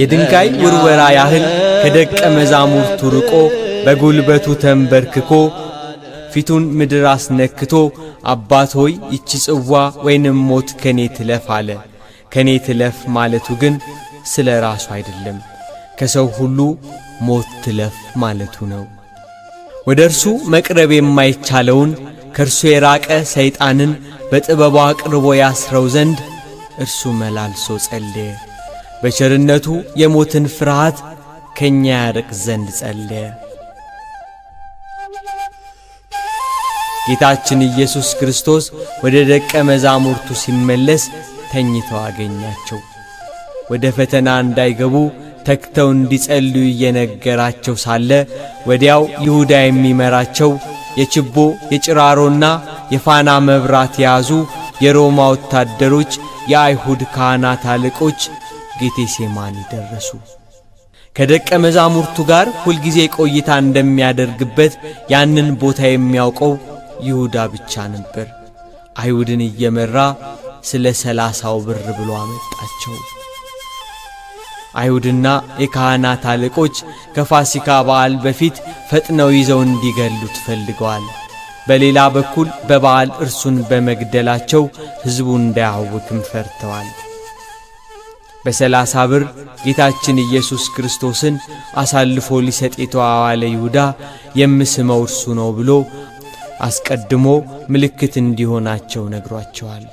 የድንጋይ ውርወራ ያህል ከደቀ መዛሙርቱ ርቆ በጉልበቱ ተንበርክኮ ፊቱን ምድር አስነክቶ አባት ሆይ ይቺ ጽዋ ወይንም ሞት ከኔ ትለፍ አለ። ከኔ ትለፍ ማለቱ ግን ስለ ራሱ አይደለም፣ ከሰው ሁሉ ሞት ትለፍ ማለቱ ነው። ወደ እርሱ መቅረብ የማይቻለውን ከእርሱ የራቀ ሰይጣንን በጥበቧ አቅርቦ ያስረው ዘንድ እርሱ መላልሶ ጸልየ። በቸርነቱ የሞትን ፍርሃት ከእኛ ያርቅ ዘንድ ጸለየ። ጌታችን ኢየሱስ ክርስቶስ ወደ ደቀ መዛሙርቱ ሲመለስ ተኝተው አገኛቸው። ወደ ፈተና እንዳይገቡ ተግተው እንዲጸልዩ እየነገራቸው ሳለ ወዲያው ይሁዳ የሚመራቸው የችቦ የጭራሮና የፋና መብራት የያዙ የሮማ ወታደሮች፣ የአይሁድ ካህናት አለቆች ጌቴሴማኒ ደረሱ። ከደቀ መዛሙርቱ ጋር ሁልጊዜ ቆይታ እንደሚያደርግበት ያንን ቦታ የሚያውቀው ይሁዳ ብቻ ነበር። አይሁድን እየመራ ስለ ሰላሳው ብር ብሎ አመጣቸው። አይሁድና የካህናት አለቆች ከፋሲካ በዓል በፊት ፈጥነው ይዘው እንዲገሉት ፈልገዋል። በሌላ በኩል በበዓል እርሱን በመግደላቸው ሕዝቡ እንዳያውክም ፈርተዋል። በሰላሳ ብር ጌታችን ኢየሱስ ክርስቶስን አሳልፎ ሊሰጥ የተዋዋለ ይሁዳ የምስመው እርሱ ነው ብሎ አስቀድሞ ምልክት እንዲሆናቸው ነግሯቸዋል።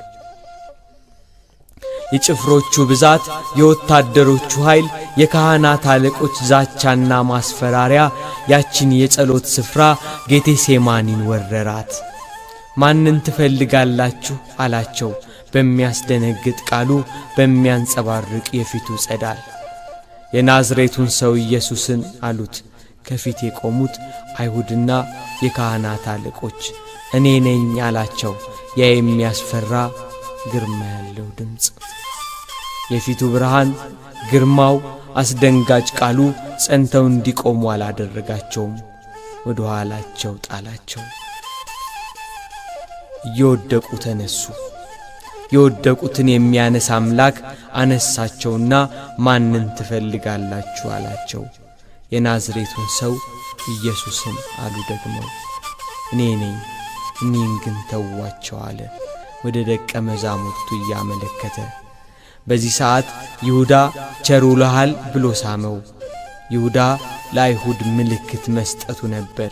የጭፍሮቹ ብዛት፣ የወታደሮቹ ኃይል፣ የካህናት አለቆች ዛቻና ማስፈራሪያ ያችን የጸሎት ስፍራ ጌቴሴማኒን ወረራት። ማንን ትፈልጋላችሁ አላቸው። በሚያስደነግጥ ቃሉ በሚያንጸባርቅ የፊቱ ጸዳል የናዝሬቱን ሰው ኢየሱስን አሉት ከፊት የቆሙት አይሁድና የካህናት አለቆች። እኔ ነኝ አላቸው ያ የሚያስፈራ ግርማ ያለው ድምፅ። የፊቱ ብርሃን፣ ግርማው፣ አስደንጋጭ ቃሉ ጸንተው እንዲቆሙ አላደረጋቸውም። ወደ ኋላቸው ጣላቸው። እየወደቁ ተነሱ። የወደቁትን የሚያነሳ አምላክ አነሳቸውና ማንን ትፈልጋላችሁ አላቸው። የናዝሬቱን ሰው ኢየሱስን አሉ ደግሞ እኔ ነኝ፣ እኔን ግን ተዋቸው አለ ወደ ደቀ መዛሙርቱ እያመለከተ። በዚህ ሰዓት ይሁዳ ቸር ብሎ ሳመው። ይሁዳ ለአይሁድ ምልክት መስጠቱ ነበር።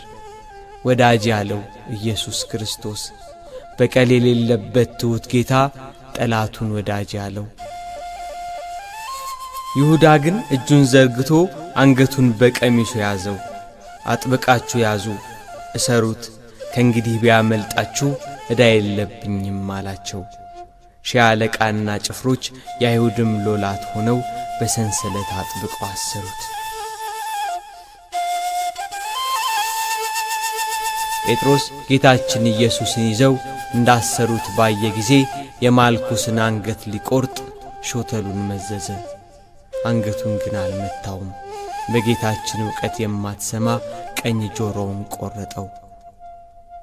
ወዳጅ ያለው ኢየሱስ ክርስቶስ በቀል የሌለበት ትሑት ጌታ ጠላቱን ወዳጅ ያለው። ይሁዳ ግን እጁን ዘርግቶ አንገቱን በቀሚሱ ያዘው። አጥብቃችሁ ያዙ፣ እሰሩት፣ ከእንግዲህ ቢያመልጣችሁ ዕዳ የለብኝም አላቸው። ሺህ አለቃና ጭፍሮች የአይሁድም ሎላት ሆነው በሰንሰለት አጥብቀው አሰሩት። ጴጥሮስ ጌታችን ኢየሱስን ይዘው እንዳሰሩት ባየ ጊዜ የማልኩስን አንገት ሊቆርጥ ሾተሉን መዘዘ፣ አንገቱን ግን አልመታውም። በጌታችን ዕውቀት የማትሰማ ቀኝ ጆሮውን ቆረጠው።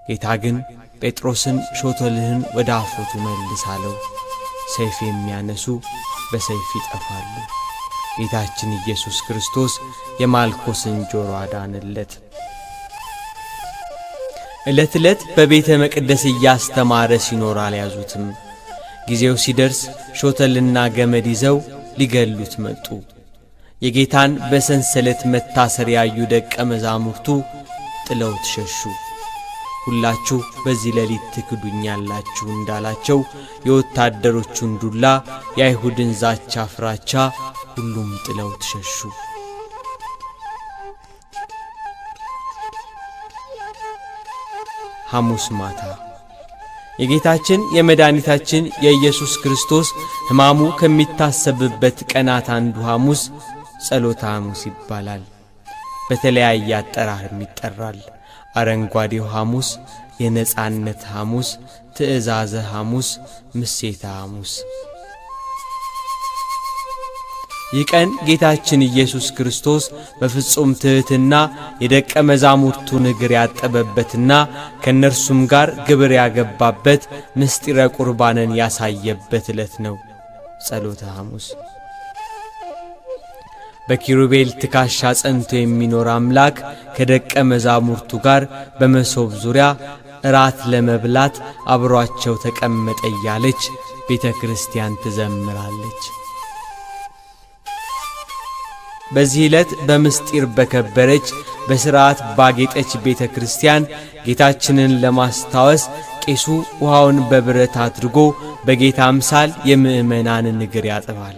ጌታ ግን ጴጥሮስን ሾተልህን ወደ አፎቱ መልስ አለው። ሰይፍ የሚያነሱ በሰይፍ ይጠፋሉ። ጌታችን ኢየሱስ ክርስቶስ የማልኮስን ጆሮ አዳንለት። ዕለት ዕለት በቤተ መቅደስ እያስተማረ ሲኖር አልያዙትም። ጊዜው ሲደርስ ሾተልና ገመድ ይዘው ሊገሉት መጡ። የጌታን በሰንሰለት መታሰር ያዩ ደቀ መዛሙርቱ ጥለውት ሸሹ። ሁላችሁ በዚህ ሌሊት ትክዱኛላችሁ እንዳላቸው የወታደሮቹን ዱላ፣ የአይሁድን ዛቻ ፍራቻ ሁሉም ጥለውት ሸሹ። ሐሙስ ማታ የጌታችን የመድኃኒታችን የኢየሱስ ክርስቶስ ሕማሙ ከሚታሰብበት ቀናት አንዱ ሐሙስ ጸሎተ ሐሙስ ይባላል። በተለያየ አጠራርም ይጠራል። አረንጓዴው ሐሙስ፣ የነጻነት ሐሙስ፣ ትእዛዘ ሐሙስ፣ ምሴተ ሐሙስ ይህ ቀን ጌታችን ኢየሱስ ክርስቶስ በፍጹም ትሕትና የደቀ መዛሙርቱን እግር ያጠበበትና ከእነርሱም ጋር ግብር ያገባበት ምስጢረ ቁርባንን ያሳየበት ዕለት ነው። ጸሎተ ሐሙስ። በኪሩቤል ትካሻ ጸንቶ የሚኖር አምላክ ከደቀ መዛሙርቱ ጋር በመሶብ ዙሪያ እራት ለመብላት አብሯቸው ተቀመጠ እያለች ቤተ ክርስቲያን ትዘምራለች። በዚህ ዕለት በምስጢር በከበረች በሥርዓት ባጌጠች ቤተ ክርስቲያን ጌታችንን ለማስታወስ ቄሱ ውሃውን በብረት አድርጎ በጌታ ምሳል የምዕመናን እግር ያጥባል።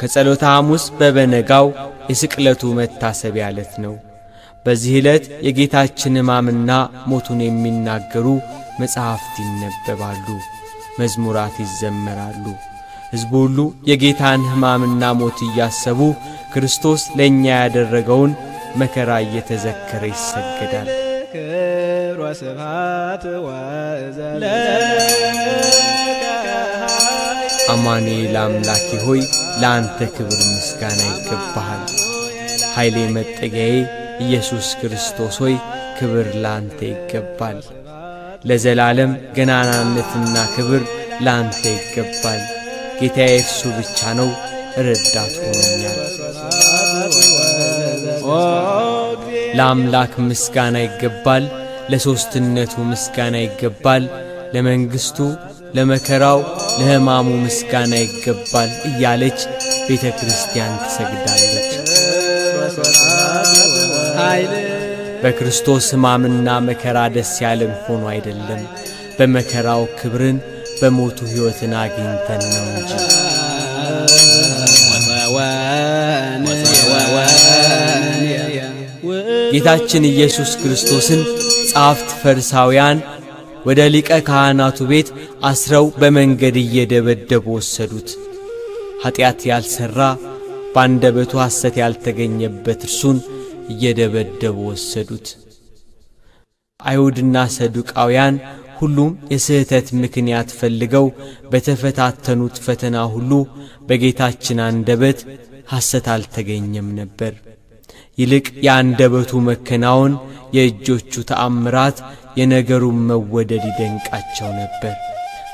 ከጸሎተ ሐሙስ በበነጋው የስቅለቱ መታሰቢያ ዕለት ነው። በዚህ ዕለት የጌታችን ሕማምና ሞቱን የሚናገሩ መጻሕፍት ይነበባሉ፣ መዝሙራት ይዘመራሉ። ሕዝቡ ሁሉ የጌታን ሕማምና ሞት እያሰቡ ክርስቶስ ለእኛ ያደረገውን መከራ እየተዘከረ ይሰገዳል። አማኑኤል ለአምላኬ ሆይ ለአንተ ክብር ምስጋና ይገባሃል። ኃይሌ መጠጊያዬ ኢየሱስ ክርስቶስ ሆይ ክብር ለአንተ ይገባል። ለዘላለም ገናናነትና ክብር ለአንተ ይገባል። ጌታዬ እርሱ ብቻ ነው ረዳት ሆኖኛል። ለአምላክ ምስጋና ይገባል። ለሦስትነቱ ምስጋና ይገባል። ለመንግሥቱ፣ ለመከራው፣ ለሕማሙ ምስጋና ይገባል እያለች ቤተ ክርስቲያን ትሰግዳለች። በክርስቶስ ሕማምና መከራ ደስ ያለን ሆኖ አይደለም፣ በመከራው ክብርን በሞቱ ሕይወትን አግኝተን ነው እንጂ ጌታችን ኢየሱስ ክርስቶስን ጻፍት ፈሪሳውያን ወደ ሊቀ ካህናቱ ቤት አስረው በመንገድ እየደበደቡ ወሰዱት። ኀጢአት ያልሠራ ባንደበቱ ሐሰት ያልተገኘበት እርሱን እየደበደቡ ወሰዱት። አይሁድና ሰዱቃውያን ሁሉም የስህተት ምክንያት ፈልገው በተፈታተኑት ፈተና ሁሉ በጌታችን አንደበት ሐሰት አልተገኘም ነበር። ይልቅ የአንደበቱ መከናወን፣ የእጆቹ ተአምራት፣ የነገሩን መወደድ ይደንቃቸው ነበር።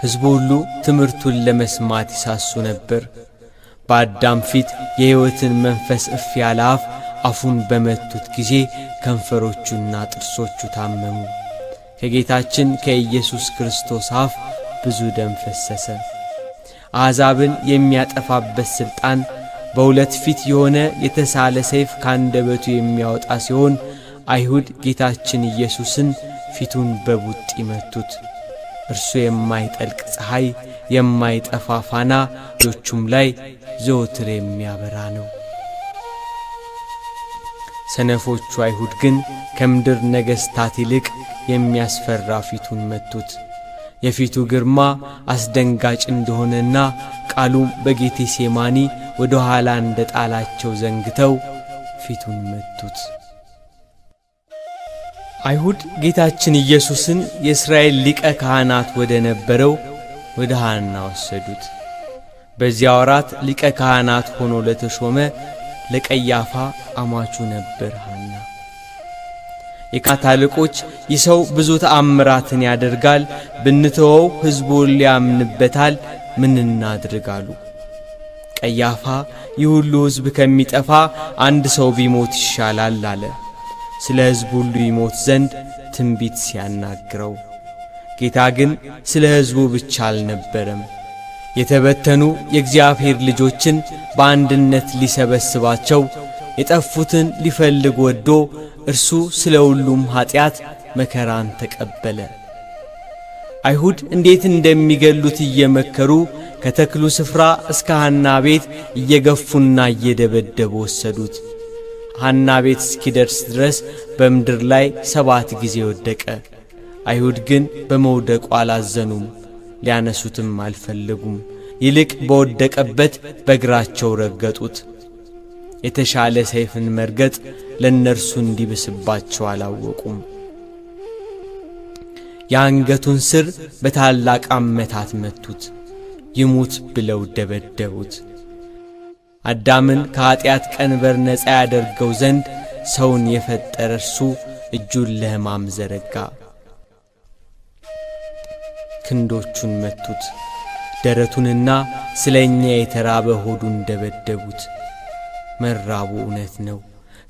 ሕዝቡ ሁሉ ትምህርቱን ለመስማት ይሳሱ ነበር። በአዳም ፊት የሕይወትን መንፈስ እፍ ያለ አፍ አፉን በመቱት ጊዜ ከንፈሮቹና ጥርሶቹ ታመሙ። ከጌታችን ከኢየሱስ ክርስቶስ አፍ ብዙ ደም ፈሰሰ። አሕዛብን የሚያጠፋበት ሥልጣን በሁለት ፊት የሆነ የተሳለ ሰይፍ ካንደበቱ የሚያወጣ ሲሆን አይሁድ ጌታችን ኢየሱስን ፊቱን በቡጥ ይመቱት። እርሱ የማይጠልቅ ፀሐይ፣ የማይጠፋ ፋና ልጆቹም ላይ ዘወትር የሚያበራ ነው። ሰነፎቹ አይሁድ ግን ከምድር ነገሥታት ይልቅ የሚያስፈራ ፊቱን መቱት። የፊቱ ግርማ አስደንጋጭ እንደሆነና ቃሉም በጌቴ ሴማኒ ወደ ኋላ እንደ ጣላቸው ዘንግተው ፊቱን መቱት። አይሁድ ጌታችን ኢየሱስን የእስራኤል ሊቀ ካህናት ወደ ነበረው ወደ ሐና ወሰዱት። በዚያ ወራት ሊቀ ካህናት ሆኖ ለተሾመ ለቀያፋ አማቹ ነበር ሃና። የካህናት አለቆች ይህ ሰው ብዙ ተአምራትን ያደርጋል፣ ብንተወው ህዝቡ ሊያምንበታል፣ ምን እናድርግ አሉ። ቀያፋ ይህ ሁሉ ሕዝብ ከሚጠፋ አንድ ሰው ቢሞት ይሻላል አለ፣ ስለ ሕዝብ ሁሉ ይሞት ዘንድ ትንቢት ሲያናግረው። ጌታ ግን ስለ ሕዝቡ ብቻ አልነበረም የተበተኑ የእግዚአብሔር ልጆችን በአንድነት ሊሰበስባቸው የጠፉትን ሊፈልግ ወዶ እርሱ ስለ ሁሉም ኀጢአት መከራን ተቀበለ። አይሁድ እንዴት እንደሚገሉት እየመከሩ ከተክሉ ስፍራ እስከ ሐና ቤት እየገፉና እየደበደቡ ወሰዱት። ሐና ቤት እስኪደርስ ድረስ በምድር ላይ ሰባት ጊዜ ወደቀ። አይሁድ ግን በመውደቁ አላዘኑም። ሊያነሱትም አልፈለጉም። ይልቅ በወደቀበት በእግራቸው ረገጡት። የተሻለ ሰይፍን መርገጥ ለእነርሱ እንዲብስባቸው አላወቁም። የአንገቱን ስር በታላቅ አመታት መቱት፣ ይሙት ብለው ደበደቡት። አዳምን ከኀጢአት ቀንበር ነፃ ያደርገው ዘንድ ሰውን የፈጠረ እርሱ እጁን ለሕማም ዘረጋ። ክንዶቹን መቱት፣ ደረቱንና ስለ እኛ የተራበ ሆዱን ደበደቡት። መራቡ እውነት ነው።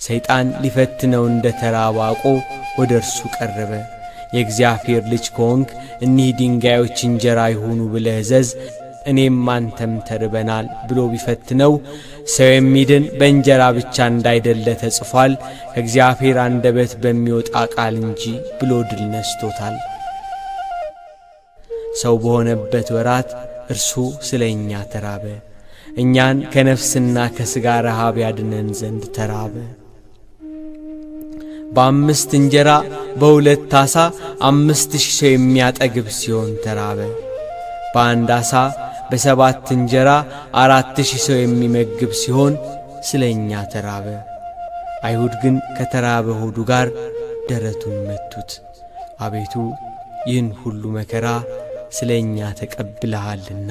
ሰይጣን ሊፈትነው እንደ ተራባቆ ወደ እርሱ ቀረበ። የእግዚአብሔር ልጅ ከሆንክ እኒህ ድንጋዮች እንጀራ ይሆኑ ብለህ እዘዝ፣ እኔም አንተም ተርበናል ብሎ ቢፈትነው ሰው የሚድን በእንጀራ ብቻ እንዳይደለ ተጽፏል፣ ከእግዚአብሔር አንደበት በሚወጣ ቃል እንጂ ብሎ ድል ነስቶታል። ሰው በሆነበት ወራት እርሱ ስለ እኛ ተራበ፣ እኛን ከነፍስና ከሥጋ ረሃብ ያድነን ዘንድ ተራበ። በአምስት እንጀራ በሁለት ታሳ አምስት ሺህ ሰው የሚያጠግብ ሲሆን ተራበ። በአንድ አሳ በሰባት እንጀራ አራት ሺህ ሰው የሚመግብ ሲሆን ስለ እኛ ተራበ። አይሁድ ግን ከተራበ ሆዱ ጋር ደረቱን መቱት። አቤቱ ይህን ሁሉ መከራ ስለ እኛ ተቀብለሃልና